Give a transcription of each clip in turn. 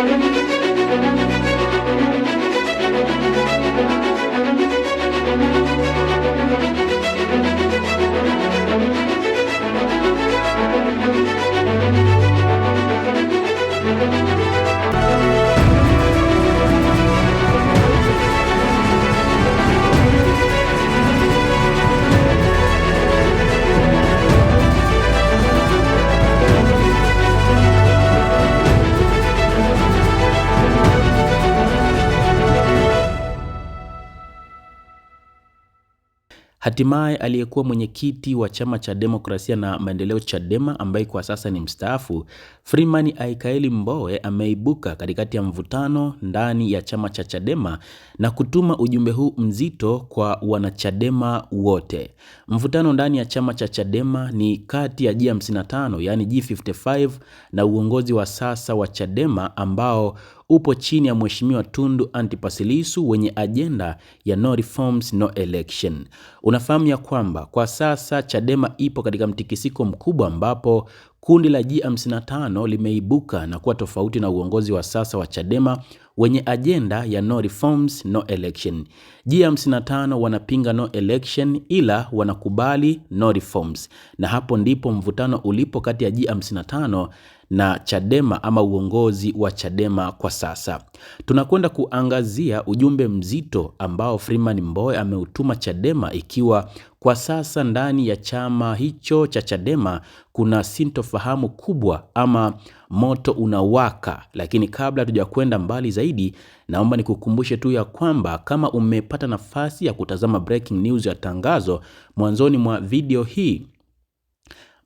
Thank you. Hatimaye aliyekuwa mwenyekiti wa chama cha demokrasia na maendeleo Chadema, ambaye kwa sasa ni mstaafu, Freeman Aikaeli Mbowe ameibuka katikati ya mvutano ndani ya chama cha Chadema na kutuma ujumbe huu mzito kwa wanachadema wote. Mvutano ndani ya chama cha Chadema ni kati ya G55 yaani G55 na uongozi wa sasa wa Chadema ambao upo chini ya Mheshimiwa Tundu Antipas Lissu wenye ajenda ya no reforms, no election. Unafahamu ya kwamba kwa sasa Chadema ipo katika mtikisiko mkubwa ambapo kundi la G55 limeibuka na kuwa tofauti na uongozi wa sasa wa Chadema wenye ajenda ya no reforms no election. G55 wanapinga no election, ila wanakubali no reforms, na hapo ndipo mvutano ulipo kati ya G55 na Chadema ama uongozi wa Chadema kwa sasa. Tunakwenda kuangazia ujumbe mzito ambao Freeman Mbowe ameutuma Chadema ikiwa kwa sasa ndani ya chama hicho cha Chadema kuna sintofahamu kubwa ama moto unawaka, lakini kabla hatujakwenda mbali zaidi, naomba nikukumbushe tu ya kwamba kama umepata nafasi ya kutazama breaking news ya tangazo mwanzoni mwa video hii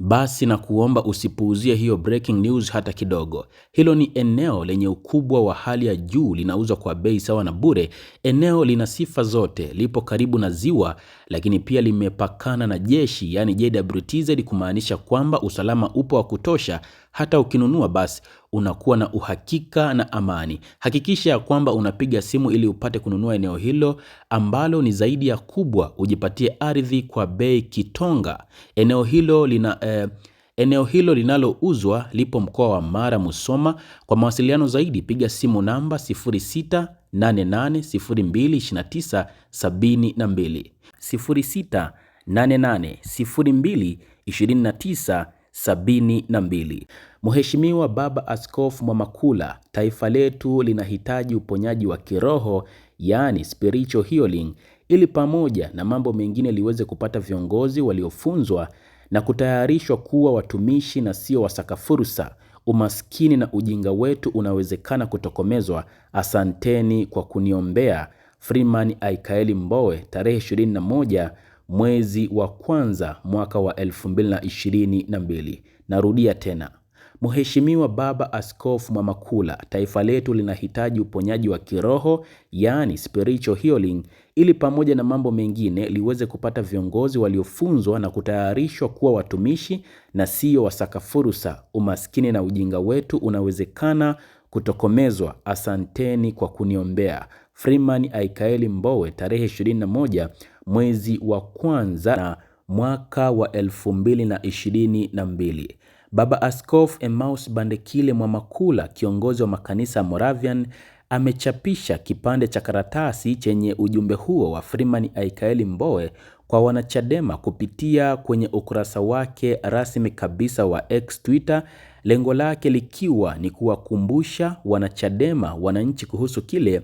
basi na kuomba usipuuzie hiyo breaking news hata kidogo. Hilo ni eneo lenye ukubwa wa hali ya juu, linauzwa kwa bei sawa na bure. Eneo lina sifa zote, lipo karibu na ziwa, lakini pia limepakana na jeshi, yani JWTZ, kumaanisha kwamba usalama upo wa kutosha. Hata ukinunua basi unakuwa na uhakika na amani. Hakikisha ya kwamba unapiga simu ili upate kununua eneo hilo ambalo ni zaidi ya kubwa, ujipatie ardhi kwa bei kitonga. Eneo hilo lina eh, eneo hilo linalouzwa lipo mkoa wa Mara Musoma. Kwa mawasiliano zaidi piga simu namba 0688022972 06880229 mbili. Mheshimiwa Baba Askofu Mwamakula, taifa letu linahitaji uponyaji wa kiroho, yaani spiritual healing, ili pamoja na mambo mengine liweze kupata viongozi waliofunzwa na kutayarishwa kuwa watumishi na sio wasaka fursa. Umaskini na ujinga wetu unawezekana kutokomezwa. Asanteni kwa kuniombea. Freeman Aikaeli Mbowe, tarehe 21 mwezi wa kwanza mwaka wa 2022. Narudia tena, Mheshimiwa Baba Askofu Mwamakula, taifa letu linahitaji uponyaji wa kiroho, yani spiritual healing, ili pamoja na mambo mengine liweze kupata viongozi waliofunzwa na kutayarishwa kuwa watumishi na siyo wasakafursa Umaskini na ujinga wetu unawezekana kutokomezwa. Asanteni kwa kuniombea. Freeman Aikaeli Mbowe tarehe 21 mwezi wa kwanza na mwaka wa 2022. Baba Askofu Emmaus Bandekile Mwamakula, kiongozi wa makanisa ya Moravian, amechapisha kipande cha karatasi chenye ujumbe huo wa Freeman Aikaeli Mbowe kwa wanachadema kupitia kwenye ukurasa wake rasmi kabisa wa X Twitter, lengo lake likiwa ni kuwakumbusha wanachadema wananchi kuhusu kile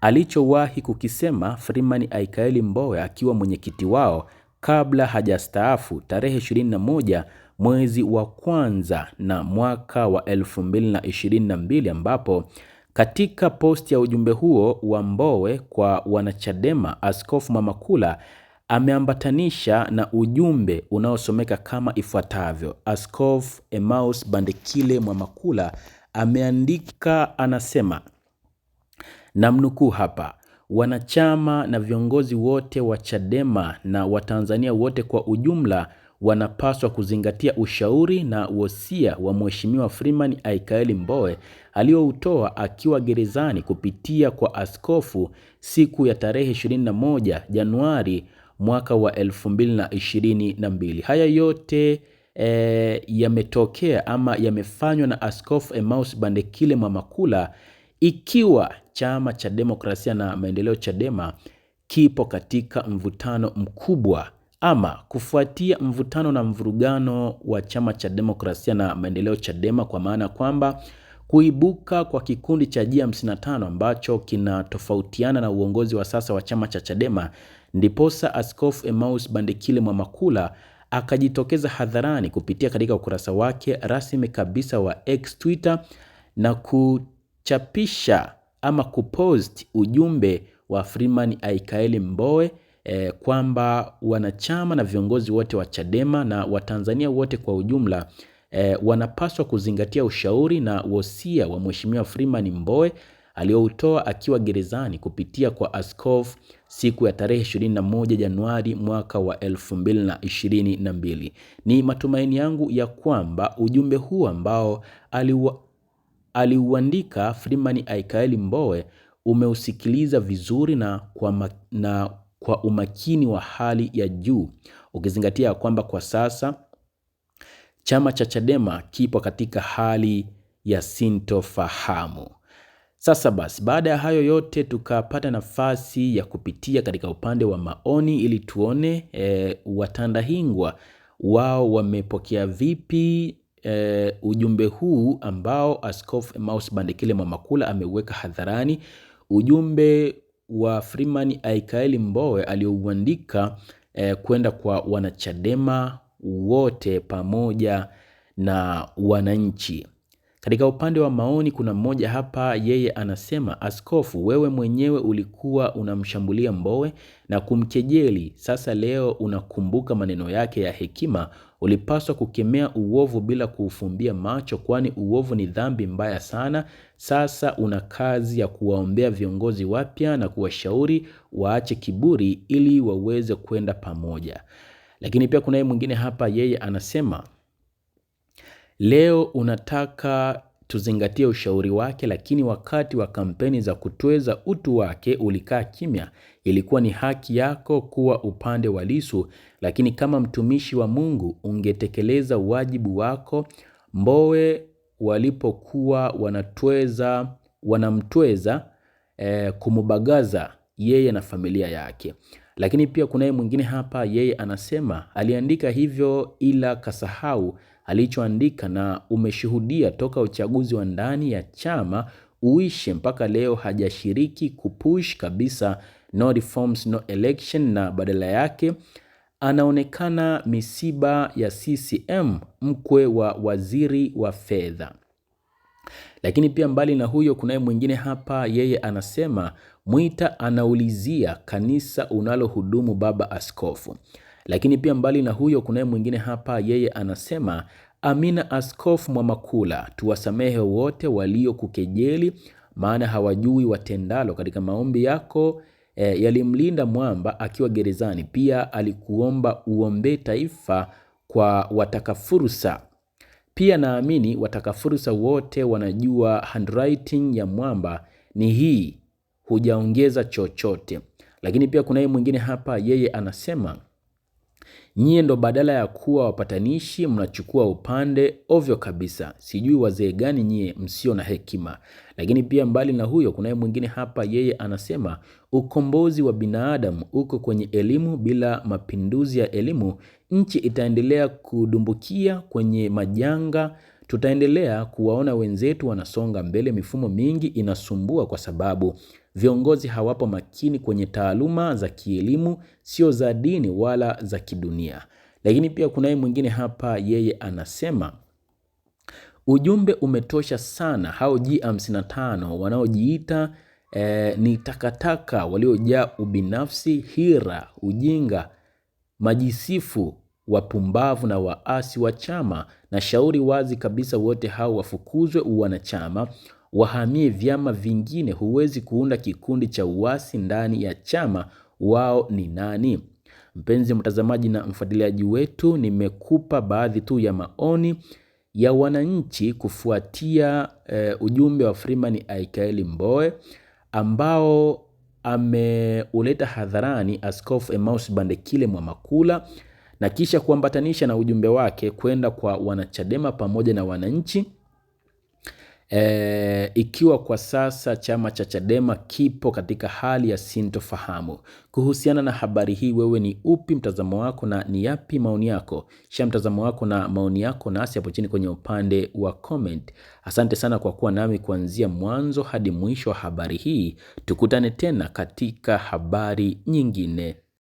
alichowahi kukisema Freeman Aikaeli Mbowe akiwa mwenyekiti wao kabla hajastaafu tarehe 21 mwezi wa kwanza na mwaka wa 2022 ambapo katika posti ya ujumbe huo wa Mbowe kwa wanachadema Askofu Mamakula ameambatanisha na ujumbe unaosomeka kama ifuatavyo. Askofu Emmaus Bandekile Mwamakula ameandika anasema namnukuu hapa, wanachama na viongozi wote wa Chadema na Watanzania wote kwa ujumla wanapaswa kuzingatia ushauri na wosia wa Mheshimiwa Freeman Aikaeli Mbowe aliyoutoa akiwa gerezani kupitia kwa askofu siku ya tarehe 21 Januari mwaka wa 2022. Haya yote e, yametokea ama yamefanywa na Askofu Emmaus Bandekile Mwamakula ikiwa chama cha demokrasia na maendeleo Chadema kipo katika mvutano mkubwa ama kufuatia mvutano na mvurugano wa chama cha demokrasia na maendeleo Chadema, kwa maana kwamba kuibuka kwa kikundi cha G55 ambacho kinatofautiana na uongozi wa sasa wa chama cha Chadema, ndiposa Askofu Emmaus Bandekile Mwamakula akajitokeza hadharani kupitia katika ukurasa wake rasmi kabisa wa X Twitter na ku kuchapisha ama kupost ujumbe wa Freeman Aikaeli Mbowe eh, kwamba wanachama na viongozi wote wa Chadema na Watanzania wote kwa ujumla eh, wanapaswa kuzingatia ushauri na wosia wa Mheshimiwa Freeman Mbowe aliyoutoa akiwa gerezani kupitia kwa askofu siku ya tarehe 21 Januari mwaka wa 2022. Ni matumaini yangu ya kwamba ujumbe huu ambao aliuandika Freeman Aikaeli Mbowe umeusikiliza vizuri na kwa, ma, na kwa umakini wa hali ya juu ukizingatia kwamba kwa sasa chama cha Chadema kipo katika hali ya sintofahamu. Sasa basi, baada ya hayo yote tukapata nafasi ya kupitia katika upande wa maoni ili tuone e, watandahingwa wao wamepokea vipi e, ujumbe huu ambao Askofu Emmaus Bandekile Mwamakula ameuweka hadharani, ujumbe wa Freeman Aikaeli Mbowe aliyouandika e, eh, kwenda kwa wanachadema wote pamoja na wananchi. Katika upande wa maoni, kuna mmoja hapa, yeye anasema askofu, wewe mwenyewe ulikuwa unamshambulia Mbowe na kumkejeli. Sasa leo unakumbuka maneno yake ya hekima. Ulipaswa kukemea uovu bila kuufumbia macho, kwani uovu ni dhambi mbaya sana. Sasa una kazi ya kuwaombea viongozi wapya na kuwashauri waache kiburi ili waweze kwenda pamoja. Lakini pia kunaye mwingine hapa, yeye anasema Leo unataka tuzingatie ushauri wake, lakini wakati wa kampeni za kutweza utu wake ulikaa kimya. Ilikuwa ni haki yako kuwa upande wa lisu lakini kama mtumishi wa Mungu ungetekeleza wajibu wako. Mbowe walipokuwa wanatweza wanamtweza eh, kumubagaza yeye na familia yake. Lakini pia kunaye mwingine hapa, yeye anasema aliandika hivyo ila kasahau alichoandika na umeshuhudia toka uchaguzi wa ndani ya chama uishe mpaka leo hajashiriki kupush kabisa no reforms no election, na badala yake anaonekana misiba ya CCM, mkwe wa waziri wa fedha. Lakini pia mbali na huyo, kunaye mwingine hapa, yeye anasema Mwita anaulizia kanisa unalohudumu baba askofu lakini pia mbali na huyo, kunaye mwingine hapa, yeye anasema Amina Askofu Mwamakula, tuwasamehe wote waliokukejeli, maana hawajui watendalo. Katika maombi yako e, yalimlinda mwamba akiwa gerezani. Pia alikuomba uombee taifa kwa wataka fursa. Pia naamini wataka fursa wote wanajua handwriting ya mwamba ni hii, hujaongeza chochote. Lakini pia kunaye mwingine hapa, yeye anasema Nyie ndo badala ya kuwa wapatanishi mnachukua upande ovyo kabisa. Sijui wazee gani nyie msio na hekima. Lakini pia mbali na huyo, kunaye mwingine hapa, yeye anasema ukombozi wa binadamu uko kwenye elimu. Bila mapinduzi ya elimu, nchi itaendelea kudumbukia kwenye majanga. Tutaendelea kuwaona wenzetu wanasonga mbele, mifumo mingi inasumbua kwa sababu Viongozi hawapo makini kwenye taaluma za kielimu, sio za dini wala za kidunia. Lakini pia kunaye mwingine hapa, yeye anasema ujumbe umetosha sana. Hao G55 wanaojiita e, ni takataka waliojaa ubinafsi, hira, ujinga, majisifu, wapumbavu na waasi wa chama. Na shauri wazi kabisa, wote hao wafukuzwe uwanachama, wahamie vyama vingine. Huwezi kuunda kikundi cha uasi ndani ya chama. Wao ni nani? Mpenzi mtazamaji na mfuatiliaji wetu, nimekupa baadhi tu ya maoni ya wananchi kufuatia e, ujumbe wa Freeman Aikaeli Mbowe ambao ameuleta hadharani Askofu Emmaus Bandekile Mwamakula na kisha kuambatanisha na ujumbe wake kwenda kwa wanachadema pamoja na wananchi E, ikiwa kwa sasa chama cha Chadema kipo katika hali ya sintofahamu kuhusiana na habari hii, wewe ni upi mtazamo wako na ni yapi maoni yako? Shia mtazamo wako na maoni yako nasi hapo chini kwenye upande wa comment. Asante sana kwa kuwa nami kuanzia mwanzo hadi mwisho wa habari hii. Tukutane tena katika habari nyingine.